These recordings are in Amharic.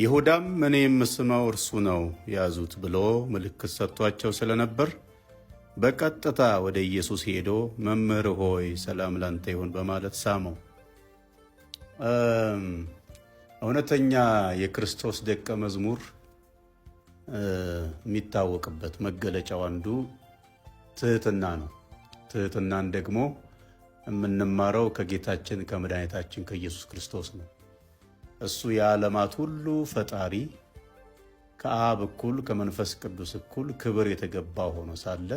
ይሁዳም እኔ የምስመው እርሱ ነው ያዙት ብሎ ምልክት ሰጥቷቸው ስለነበር በቀጥታ ወደ ኢየሱስ ሄዶ መምህር ሆይ ሰላም ላንተ ይሁን በማለት ሳመው። እውነተኛ የክርስቶስ ደቀ መዝሙር የሚታወቅበት መገለጫው አንዱ ትህትና ነው። ትህትናን ደግሞ የምንማረው ከጌታችን ከመድኃኒታችን ከኢየሱስ ክርስቶስ ነው። እሱ የዓለማት ሁሉ ፈጣሪ ከአብ እኩል ከመንፈስ ቅዱስ እኩል ክብር የተገባ ሆኖ ሳለ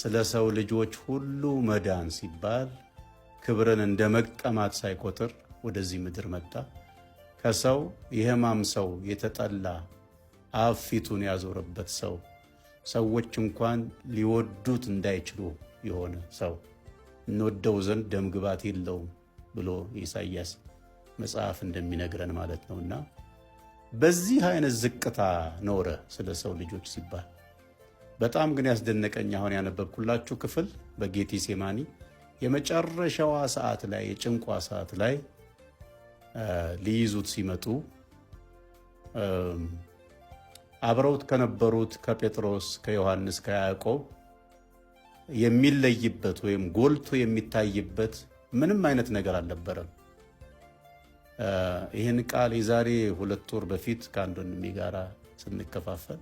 ስለ ሰው ልጆች ሁሉ መዳን ሲባል ክብርን እንደ መቀማት ሳይቆጥር ወደዚህ ምድር መጣ። ከሰው የሕማም ሰው የተጠላ አብ ፊቱን ያዞረበት ሰው ሰዎች እንኳን ሊወዱት እንዳይችሉ የሆነ ሰው እንወደው ዘንድ ደምግባት የለውም ብሎ ኢሳይያስ መጽሐፍ እንደሚነግረን ማለት ነውና በዚህ አይነት ዝቅታ ኖረ ስለ ሰው ልጆች ሲባል በጣም ግን ያስደነቀኝ አሁን ያነበብኩላችሁ ክፍል በጌቲ ሴማኒ የመጨረሻዋ ሰዓት ላይ የጭንቋ ሰዓት ላይ ሊይዙት ሲመጡ አብረውት ከነበሩት ከጴጥሮስ፣ ከዮሐንስ፣ ከያዕቆብ የሚለይበት ወይም ጎልቶ የሚታይበት ምንም አይነት ነገር አልነበረም። ይህን ቃል የዛሬ ሁለት ወር በፊት ከአንድ ወንድሜ ጋራ ስንከፋፈል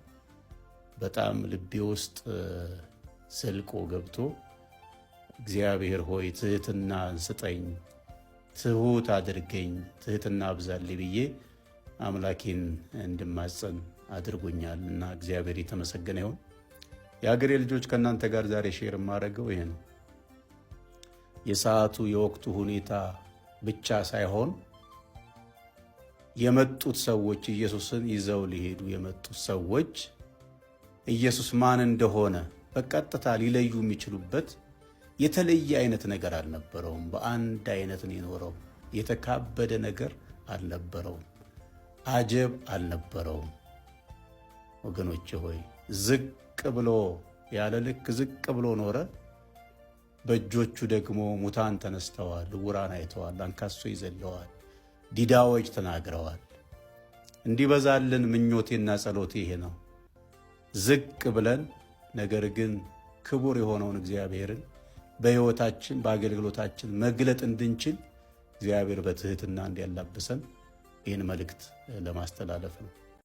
በጣም ልቤ ውስጥ ዘልቆ ገብቶ እግዚአብሔር ሆይ ትህትና እንስጠኝ፣ ትሁት አድርገኝ፣ ትህትና አብዛልኝ ብዬ አምላኬን እንድማጸን አድርጎኛል እና እግዚአብሔር የተመሰገነ ይሁን። የአገሬ ልጆች ከእናንተ ጋር ዛሬ ሼር የማደርገው ይሄ ነው። የሰዓቱ የወቅቱ ሁኔታ ብቻ ሳይሆን የመጡት ሰዎች ኢየሱስን ይዘው ሊሄዱ የመጡት ሰዎች ኢየሱስ ማን እንደሆነ በቀጥታ ሊለዩ የሚችሉበት የተለየ አይነት ነገር አልነበረውም። በአንድ አይነት ነው የኖረው። የተካበደ ነገር አልነበረውም። አጀብ አልነበረውም። ወገኖች ሆይ ዝቅ ብሎ ያለ ልክ ዝቅ ብሎ ኖረ። በእጆቹ ደግሞ ሙታን ተነስተዋል፣ ዕውራን አይተዋል፣ አንካሶ ይዘለዋል። ዲዳዎች ተናግረዋል። እንዲበዛልን ምኞቴና ጸሎቴ ይሄ ነው። ዝቅ ብለን ነገር ግን ክቡር የሆነውን እግዚአብሔርን በሕይወታችን በአገልግሎታችን መግለጥ እንድንችል እግዚአብሔር በትሕትና እንዲያላብሰን ይህን መልእክት ለማስተላለፍ ነው።